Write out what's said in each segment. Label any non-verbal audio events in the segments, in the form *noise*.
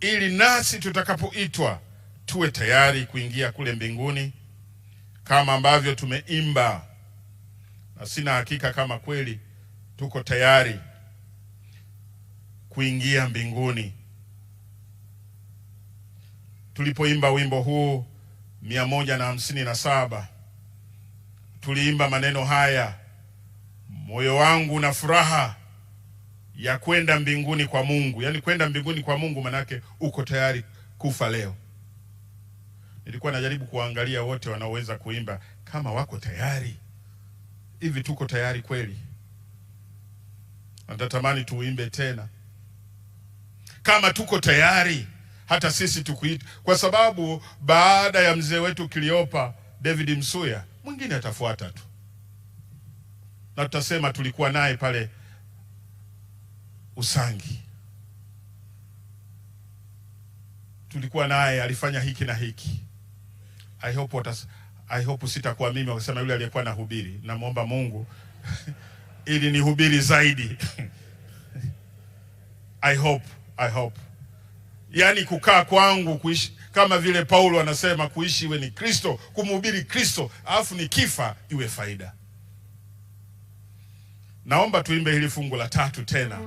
ili nasi tutakapoitwa tuwe tayari kuingia kule mbinguni kama ambavyo tumeimba, na sina hakika kama kweli tuko tayari kuingia mbinguni. Tulipoimba wimbo huu mia moja na hamsini na saba tuliimba maneno haya, moyo wangu na furaha ya kwenda mbinguni kwa Mungu. Yaani kwenda mbinguni kwa Mungu manake uko tayari kufa leo. Nilikuwa najaribu kuwaangalia wote wanaoweza kuimba kama wako tayari. Hivi tuko tayari kweli? Natatamani tuimbe tena kama tuko tayari hata sisi tukuita, kwa sababu baada ya mzee wetu Kiliopa David Msuya mwingine atafuata tu, na tutasema tulikuwa naye pale Usangi, tulikuwa naye, alifanya hiki na hiki. I hope watas, I hope sitakuwa mimi wakasema yule aliyekuwa na hubiri. Namwomba Mungu *laughs* ili ni hubiri zaidi *laughs* I hope, I hope. Yani kukaa kwangu kuishi kama vile Paulo anasema kuishi iwe ni Kristo, kumhubiri Kristo, alafu ni kifa iwe faida. Naomba tuimbe hili fungu la tatu tena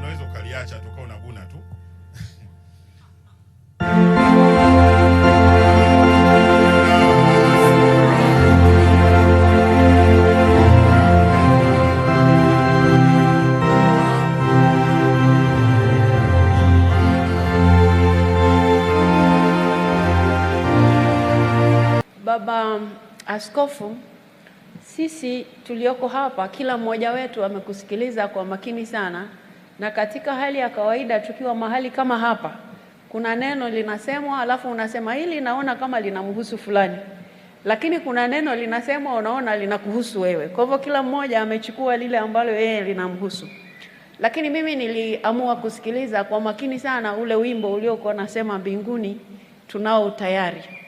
unaweza ukaliacha tu kwa unaguna tu Baba um, Askofu sisi tulioko hapa, kila mmoja wetu amekusikiliza kwa makini sana, na katika hali ya kawaida tukiwa mahali kama hapa, kuna neno linasemwa, alafu unasema hili naona kama linamhusu fulani, lakini kuna neno linasemwa, unaona linakuhusu wewe. Kwa hivyo kila mmoja amechukua lile ambalo yeye linamhusu, lakini mimi niliamua kusikiliza kwa makini sana ule wimbo uliokuwa nasema, mbinguni tunao utayari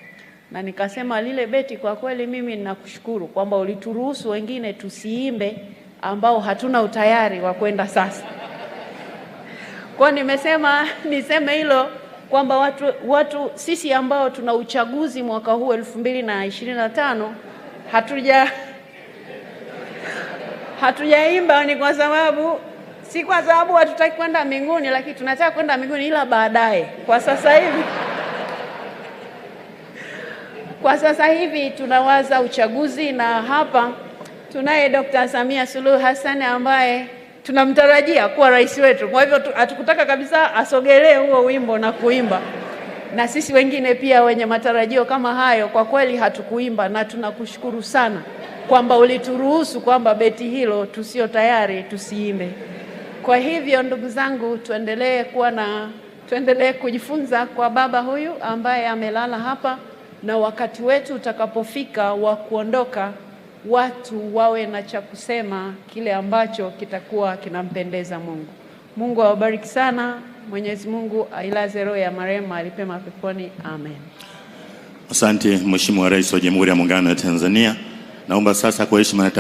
na nikasema lile beti, kwa kweli mimi ninakushukuru kwamba ulituruhusu wengine tusiimbe ambao hatuna utayari wa kwenda sasa. Kwa nimesema niseme hilo kwamba watu, watu sisi ambao tuna uchaguzi mwaka huu elfu mbili na ishirini na tano hatuja hatujaimba ni kwa sababu si kwa sababu hatutaki kwenda mbinguni, lakini tunataka kwenda mbinguni, ila baadaye. Kwa sasa hivi kwa sasa hivi tunawaza uchaguzi, na hapa tunaye Dr. Samia Suluhu Hassan ambaye tunamtarajia kuwa rais wetu. Kwa hivyo hatukutaka kabisa asogelee huo wimbo na kuimba, na sisi wengine pia wenye matarajio kama hayo kwa kweli hatukuimba, na tunakushukuru sana kwamba ulituruhusu kwamba beti hilo tusio tayari tusiimbe. Kwa hivyo ndugu zangu, tuendelee kuwa na tuendelee kujifunza kwa baba huyu ambaye amelala hapa na wakati wetu utakapofika wa kuondoka, watu wawe na cha kusema kile ambacho kitakuwa kinampendeza Mungu. Mungu awabariki sana. Mwenyezi Mungu ailaze roho ya marehemu mahali pema peponi. Amen. Asante Mheshimiwa Rais wa Jamhuri ya Muungano wa Tanzania. Naomba sasa kwa heshima